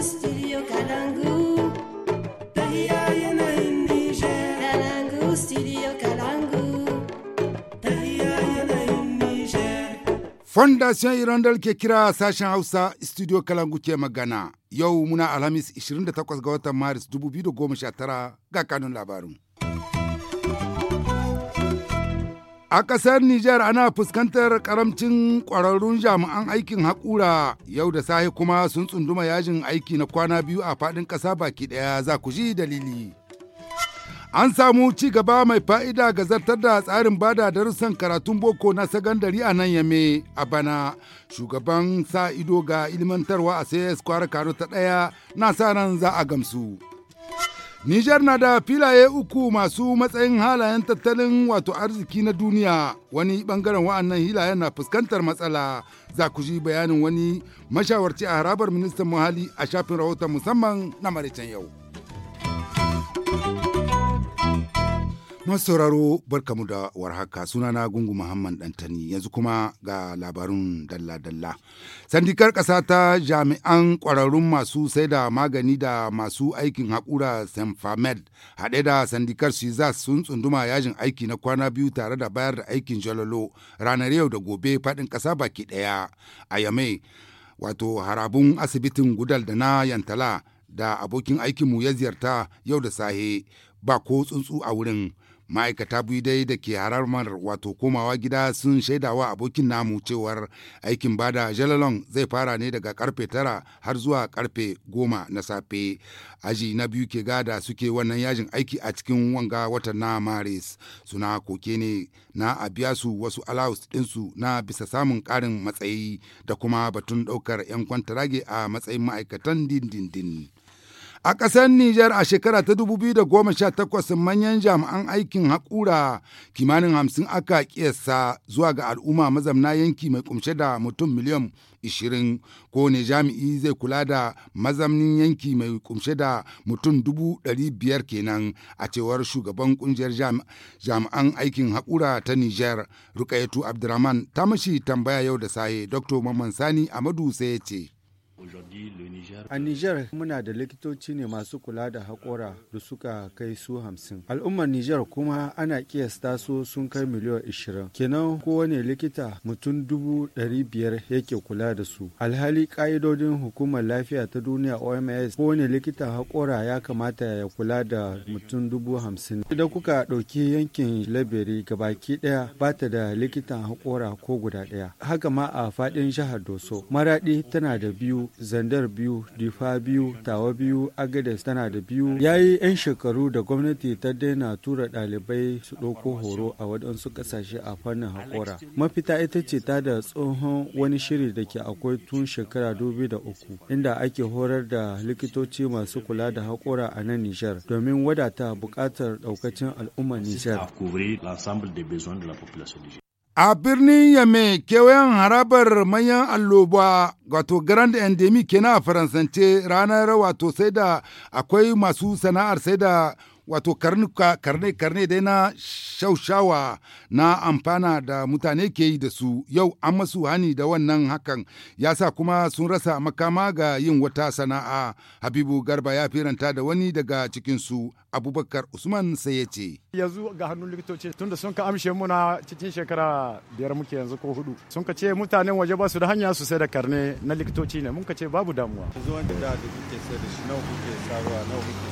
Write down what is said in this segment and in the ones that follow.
studio yanayin studio yanayin Fondation Irondel ke kira sashen Hausa studio Kalangu ke magana. Yau muna Alhamis 28 ga watan Maris 2019 ga kanun labarin. A ƙasar Nijar ana fuskantar ƙaramcin ƙwararrun jami'an aikin haƙura yau da sahi kuma sun tsunduma yajin aiki na kwana biyu a faɗin ƙasa baki ɗaya za ku ji dalili. An samu ci gaba mai fa'ida ga zartar da tsarin bada darussan karatun boko na sagandari a nan yame a bana. Shugaban sa ido ga ilmantarwa a CS kwara karo ta ɗaya na sa nan za a gamsu. Nijar na da filaye uku masu matsayin halayen tattalin wato arziki na duniya wani bangaren wa'annan hilayen na fuskantar matsala za ku ji bayanin wani mashawarci a harabar ministan muhalli a shafin rahoton musamman na maritan yau. sauraro barkamu da warhaka sunana gungu muhammad dantani yanzu kuma ga labarun dalla-dalla sandikar ƙasa ta jami'an ƙwararrun masu sai da magani da masu aikin haƙura semfamed haɗe da sandikar za sun tsunduma yajin aiki na kwana biyu tare da bayar da aikin jalolo ranar yau da gobe faɗin ƙasa baki ɗaya a yame wato harabun asibitin gudal da na yantala da abokin aikinmu ya ziyarta yau da sahe ba ko tsuntsu a wurin ma'aikata biyu dai da ke haramar wato komawa gida sun shaidawa abokin namu cewar aikin bada jalalon zai fara ne daga karfe tara har zuwa karfe goma na safe aji na biyu ke gada suke wannan yajin aiki a cikin wanga watan na maris suna koke ne na a biya su wasu allowance ɗinsu na bisa samun karin matsayi da kuma batun ɗaukar 'yan kwantarage a matsayin ma'aikatan dindindin. A ƙasar Nijar a shekara ta da goma sha 2018 manyan jami'an aikin haƙura kimanin hamsin aka ƙiyasta zuwa ga al'umma mazamna yanki mai kumshe da mutum miliyan 20 ko ne jami'i zai kula da mazamnin yanki mai kumshe da mutum biyar kenan a cewar shugaban ƙungiyar jami'an aikin haƙura ta Nijar Rukayatu Abdurrahman ta mashi tambaya yau da saye Dr. Mamman Sani Amadu sai ya ce. A Nijar muna da likitoci ne masu kula da haƙora da suka kai su hamsin. Al'ummar Nijar kuma ana kiyasta su sun kai miliyan ishirin. Kenan kowane likita mutum dubu ɗari biyar yake kula da su. Alhali ƙa'idodin hukumar lafiya ta duniya OMS kowane likita haƙora ya kamata ya kula da mutum dubu hamsin. Idan kuka ɗauki yankin Laberi gabaki ɗaya ba ta da likitan haƙora ko guda ɗaya. Haka ma a faɗin jihar Doso. Maraɗi tana da biyu zandar biyu difa biyu tawa biyu agades tana da biyu ya yi 'yan shekaru da gwamnati ta daina tura ɗalibai su ɗauko horo a waɗansu ƙasashe a fannin haƙora mafita ita ce ta da tsohon wani shiri da ke akwai tun shekara da uku inda ake horar da likitoci masu kula da haƙora a nan nijar domin wadata buƙatar ɗaukacin al'umma nijar A birnin Yame kewayen harabar manyan alloba wato Grand Endemic kenan a Faransance ranar wato sai da akwai masu sana'ar sai da wato karnuka karne karne dai na shaushawa na amfana da mutane ke yi da su yau an masu hani da wannan hakan ya sa kuma sun rasa makama ga yin wata sana'a habibu garba ya firanta da wani daga cikinsu abubakar usman sai ya ce yanzu ga hannun likitoci tunda sun ka amshe muna cikin shekara biyar muke yanzu ko hudu sun ka ce mutanen waje ba su da hanya su sai da karne na likitoci ne mun ka ce babu damuwa zuwan wanda da kuke sai da shi nawa kuke sarwa nawa kuke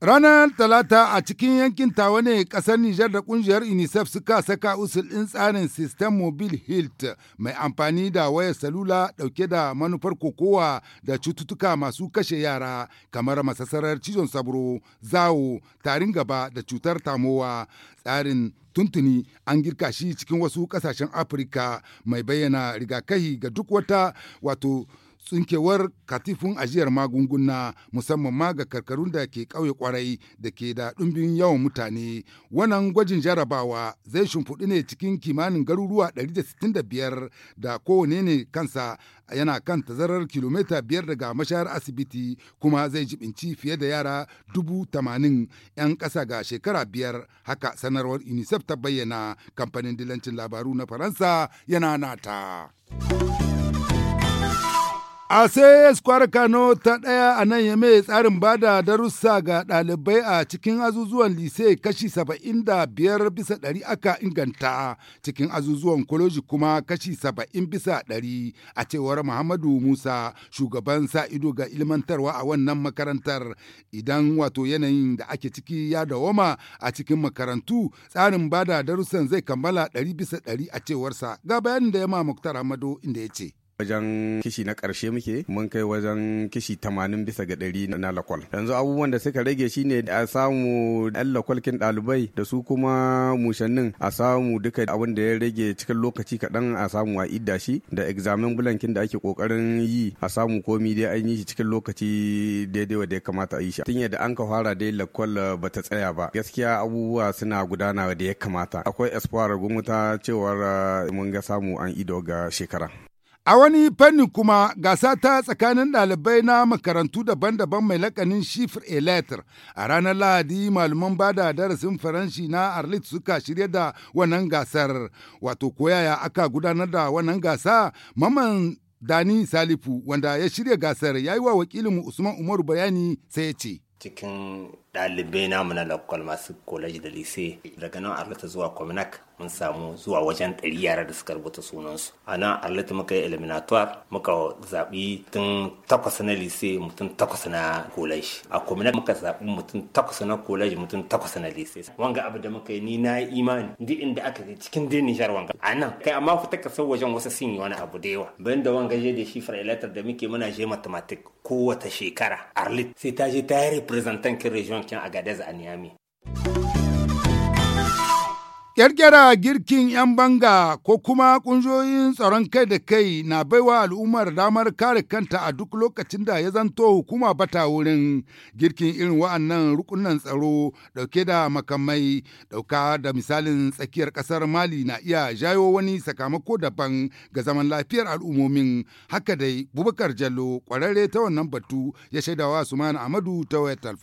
Ranar Talata a cikin yankin tawa ne kasar Nijar da kungiyar UNICEF suka saka usul ɗin tsarin System Mobile Health mai amfani da wayar salula ɗauke da manufar kokowa da cututtuka masu kashe yara kamar masasarar cizon sabro, zawo, tarin gaba da cutar tamowa. Tsarin tuntuni an girka shi cikin wasu ƙasashen Afirka mai bayyana rigakahi ga duk wata wato tsinkewar katifin ajiyar magunguna musamman ma ga karkarun da ke ƙauye kwarai da ke da ɗumbin yawan mutane wannan gwajin jarabawa zai shimfiɗi ne cikin kimanin garuruwa 165 da kowane ne kansa yana kan tazarar kilomita biyar daga mashayar asibiti kuma zai jibinci fiye da yara dubu tamanin 'yan ƙasa ga shekara biyar haka sanarwar unicef ta bayyana kamfanin dilancin labaru na faransa yana nata. A sai Square Kano ta ɗaya a nan ya mai tsarin ba da darussa ga ɗalibai a cikin azuzuwan lise kashi saba'in da biyar bisa ɗari aka inganta cikin azuzuwan koloji kuma kashi saba'in bisa ɗari a cewar Muhammadu Musa shugaban sa ido ga ilmantarwa a wannan makarantar idan wato yanayin da ake ciki ya dawoma a cikin makarantu tsarin ba da darussan zai kammala ɗari bisa ɗari a cewarsa ga bayanin da ya ma Muktar inda ya ce. wajen kishi na ƙarshe muke mun kai wajen kishi tamanin bisa ga ɗari na lakwal yanzu abubuwan da suka rage shine a samu ɗan lakwalkin ɗalibai da su kuma mushannin a samu duka abin da ya rage cikin lokaci kaɗan a samu a idda shi da examen bulankin da ake ƙoƙarin yi a samu komi dai an yi shi cikin lokaci daidai da ya kamata a yi shi tun yadda an ka fara dai lakwal eh, ba ta tsaya ba gaskiya abubuwa suna gudana da ya kamata akwai espoir gumuta cewar eh, mun ga samu an ido ga shekara A wani fanni kuma gasa ta tsakanin ɗalibai na makarantu daban-daban mai lakanin shifr eletter a ranar Lahadi malaman ba da darasin Faranshi na Arlit suka shirya da wannan gasar. Wato koyaya aka gudanar da wannan gasa maman Dani Salifu wanda ya shirya gasar ya yi wa wakilinmu Usman Umaru bayani sai ya ce. Cikin ɗalibai namu na lokal masu koleji da lise daga nan arlit zuwa Kominak mun samu zuwa wajen ɗari yara da suka rubuta sunansu a nan arlita muka yi eliminatoire muka zaɓi tun takwas na lise mutum takwas na college a kwamina muka zaɓi mutum takwas na college mutum takwas na lise wanga abu da muka yi ni na imani duk inda aka yi cikin dai nishar wanga a nan kai amma fita ka san wajen wasu sun yi wani abu da yawa bayan da wanga je da shi fara da muke muna je mathematic kowace shekara arlit sai ta je ta yi representant kin region kin agadez a niamey ƙyarƙyara girkin 'yan banga ko kuma ƙungiyoyin tsaron kai da kai na baiwa al'ummar damar kare kanta a duk lokacin da ya zanto hukuma bata wurin girkin irin wa'annan rukunan tsaro ɗauke da makamai ɗauka da misalin tsakiyar ƙasar Mali na iya jayo wani sakamako daban ga zaman lafiyar al'ummomin. Haka dai Bubakar Jallo ƙwararre ta wannan batu ya shaidawa Suman Amadu ta wayar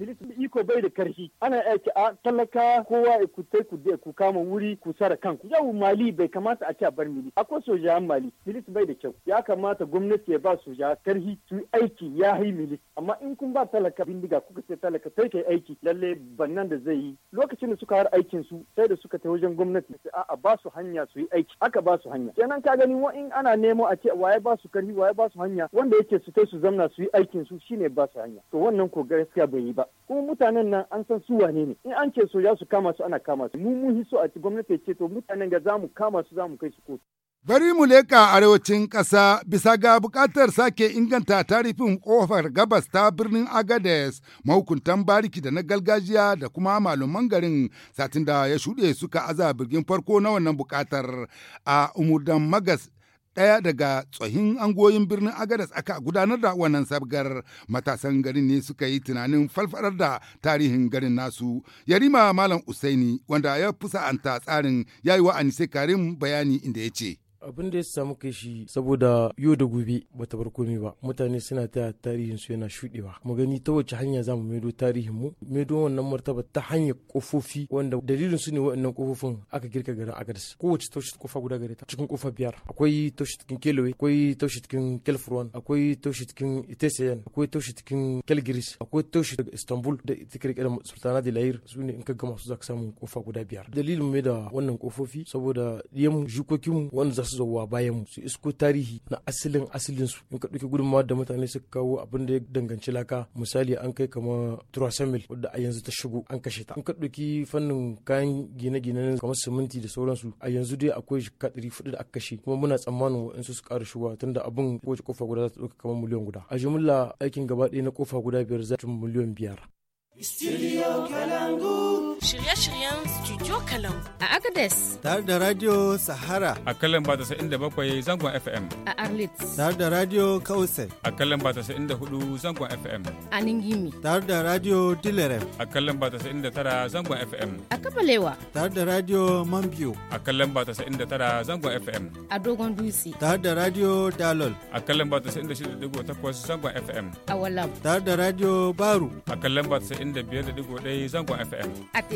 bilis iko bai da karfi ana aiki a talaka kowa ya kutai ku da ku kama wuri ku sara kanku yau mali bai kamata a ce a bar mili akwai sojayen mali bilis bai da kyau ya kamata gwamnati ya ba soja karfi su aiki ya yi mili amma in kun ba talaka bindiga kuka ce talaka sai kai aiki lalle bannan da zai yi lokacin da suka har aikin su sai da suka ta wajen gwamnati sai a ba su hanya su yi aiki aka ba su hanya kenan ka gani wa in ana nemo a ce waye ba su karfi waye ba su hanya wanda yake su kai su zamna su yi aikin su shine ba su hanya to wannan ko gaskiya bai yi ba kuma mutanen nan an san su wane ne in an ce so ya su kama su ana kama su mu mun hiso a gwamnati ce to mutanen ga zamu kama su zamu kai su kotu Bari mu leƙa arewacin ƙasa bisa ga buƙatar sake inganta tarifin kofar gabas ta birnin Agades mahukuntan bariki da na gargajiya da kuma malaman garin satin da ya shuɗe suka aza birgin farko na wannan buƙatar a umurdan magas ɗaya daga tsohin angoyin birnin agadas aka gudanar da wannan sabgar matasan garin ne suka yi tunanin falfarar da tarihin garin nasu yarima malam usaini wanda ya anta tsarin yayi wa anise karim bayani inda ya ce abin da ya samu kai shi saboda yau da gobe bata bar komai ba mutane suna ta tarihin su yana shuɗewa mu gani ta wace hanya zamu maido tarihin mu maido wannan martaba ta hanyar kofofi wanda dalilin su ne waɗannan kofofin aka girka garin agadis kowace taushe kofa guda gare ta cikin kofa biyar akwai taushe cikin kelewe akwai taushe cikin kelfurwan akwai taushe cikin itesiyan akwai taushe cikin kelgiris akwai taushe daga istanbul da ita kirkirar sultana da layir su ne in ka gama su za ka samu kofa guda biyar dalilin mu da wannan kofofi saboda yamu jikokinmu wanda za su masu zuwa bayan su isko tarihi na asalin asalin su in ka ɗauki gudunmawa da mutane suka kawo abin da ya danganci laka misali an kai kama trasamil wadda a yanzu ta shigo an kashe ta in ka fannin kayan gine-gine kamar siminti da sauransu a yanzu dai akwai shika ɗari fuɗi da aka kashe kuma muna tsammanin waɗansu su ƙara shigowa tunda abin kowace kofa guda za ta ɗauka kamar miliyan guda a jimilla aikin gaba ɗaya na kofa guda biyar za ta miliyan biyar. Studio Kalangu. shirye-shiryen studio kalam a agades tare da radio sahara a kalan ba da bakwai zangon fm a arlit tare da radio kausai a kalan ba da hudu zangon fm a ningimi tare da radio dilerem a kalan ba da tara zangon fm a kabalewa tare da radio mambiyo a kalan ba da tara zangon fm a dogon dutse tare da radio dalol a kalan ba ta takwas zangon fm a walam tare da radio baru a kalan ba da biyar da 95.1 zangon fm a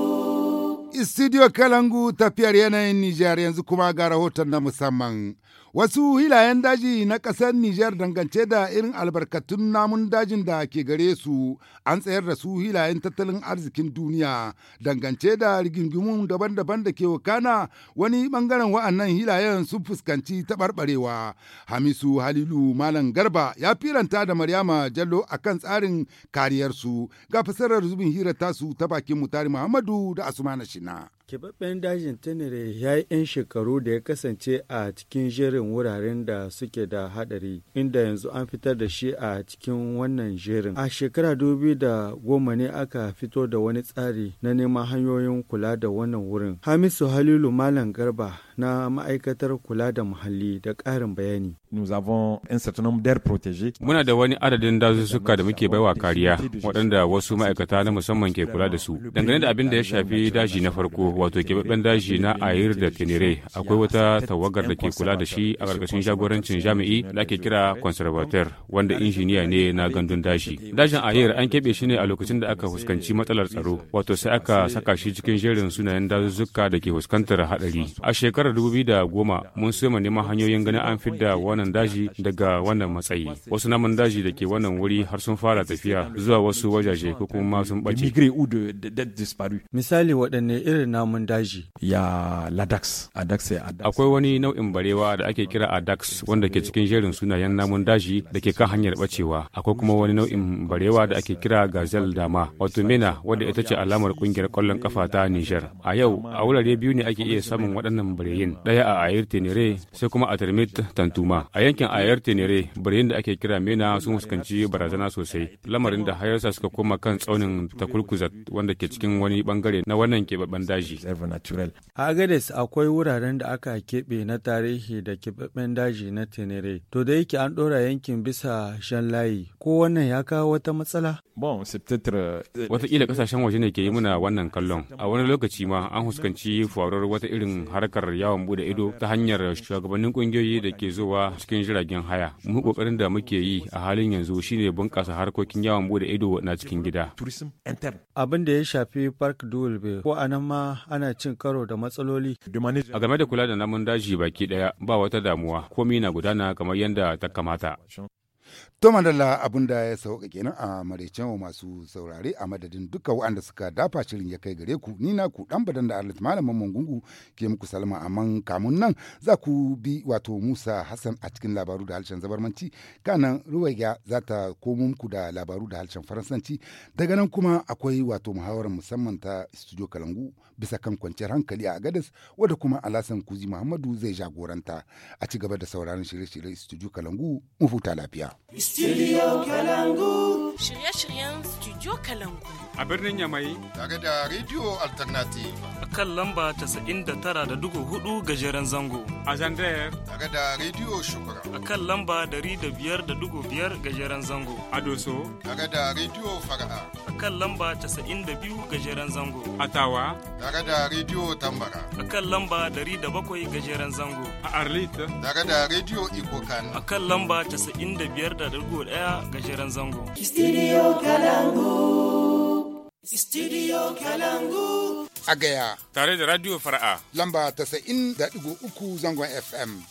Studio Kalangu tafiyar yanayin Nijar yanzu kuma ga rahoton na musamman. Wasu hilayen daji na ƙasar Nijar dangance da irin albarkatun namun dajin da ke gare su an tsayar da su hilayen tattalin arzikin duniya dangance da rigingimun daban-daban da ke wakana wani ɓangaren wa'annan hilayen sun fuskanci taɓarɓarewa. Hamisu Halilu Malam Garba ya firanta da Maryama Jallo akan tsarin kariyarsu ga fasarar zubin hira tasu ta bakin Mutari Muhammadu da Asumana Shina. keɓaɓɓen dajin tenere ya yi 'yan shekaru da ya kasance a cikin jerin wuraren da suke da haɗari inda yanzu an fitar da shi a cikin wannan jerin a shekara dubi da goma ne aka fito da wani tsari na neman hanyoyin kula da wannan wurin hamisu halilu malam garba na ma'aikatar kula da muhalli da ƙarin bayani nous avons un certain nombre d'air protégé. Muna da wani adadin dazuzzuka da muke baiwa kariya waɗanda wasu ma'aikata na musamman ke kula da su. Dangane da abin da ya shafi daji na farko wato keɓaɓɓen daji na Ayir da Tenere akwai wata tawagar da ke kula da shi a ƙarƙashin jagorancin jami'i da ake kira conservateur wanda injiniya ne na gandun daji. Dajin Ayir an keɓe shi ne a lokacin da aka fuskanci matsalar tsaro wato sai aka saka shi cikin jerin sunayen dazuzzuka da ke fuskantar hadari A shekarar goma mun soma neman hanyoyin ganin an fidda wani wannan daji daga wannan matsayi wasu namun daji da ke wannan wuri har sun fara tafiya zuwa wasu wajaje ko kuma sun bace misali waɗanne irin namun daji ya ladax adax akwai wani nau'in barewa da ake kira adax wanda ke cikin jerin sunayen namun daji da ke kan hanyar bacewa akwai kuma wani nau'in barewa da ake kira gazelle dama wato mena wadda ita ce alamar kungiyar kwallon kafa ta niger a yau a wurare biyu ne ake iya samun waɗannan bareyin ɗaya a ayir tenere sai kuma a termit tantuma a yankin ayar tenere birnin da ake kira mena sun fuskanci barazana sosai lamarin da hayarsa suka koma kan tsaunin takulkuzat wanda ke cikin wani bangare na wannan keɓaɓɓen daji a agades akwai wuraren da aka keɓe na tarihi da keɓaɓɓen daji na tenere to da yake an ɗora yankin bisa shan layi ko wannan ya kawo wata matsala? Bon, euh, Wataƙila ƙasashen waje ne ke yi muna wannan kallon. A wani lokaci ma an huskanci faruwar wata irin harkar yawon bude ido ta hanyar shugabannin ƙungiyoyi da ke zuwa cikin jiragen haya. Mu ƙoƙarin da muke yi a halin yanzu shine bunƙasa harkokin yawon bude ido na cikin gida. Abin da ya shafi Park Dulbe ko a ma ana cin karo da matsaloli. A game da kula da namun daji baki ɗaya ba wata damuwa komi na gudana kamar yadda ta kamata. To madalla abin da ya sauka kenan a maraicen wa masu saurare a madadin duka waɗanda suka dafa shirin ya kai gare ku ni na ku dan badan da Arlit malamin Mangungu ke muku salama amman kamun nan za ku bi wato Musa Hassan a cikin labaru da harshen zabarmanci kanan Ruwaiya za ta komo muku da labaru da harshen Faransanci daga nan kuma akwai wato muhawarar musamman ta Studio Kalangu bisa kan kwanciyar hankali a Agadez wadda kuma Alhassan Kuzi Muhammadu zai jagoranta a ci gaba da sauraron shirye-shiryen Studio Kalangu mu huta lafiya. Studio Kalangu. Shirye-shiryen Studio Kalangu. A birnin Yamai. Tare da Radio Alternative. A kan lamba tara da dugu hudu gajeren zango. A Zandayar. Tare da Radio Shukura. A kan lamba dari da da biyar dugu biyar gajeren zango. A Doso. Tare da Radio Fara'a. A kan lamba 92 gajeren zango. A Tawa. Daga da Radio Tambara. A kan lamba dari da bakwai gajeren zango. A Arlita. Daga da Radio Ikokan. A kan lamba casa'in da da biyar 95.1 gajeren zango. Studio Kalangu. Studio Kalangu. A gaya. Tare da Radio Fara'a. Lamba tasa'in da uku zangon FM.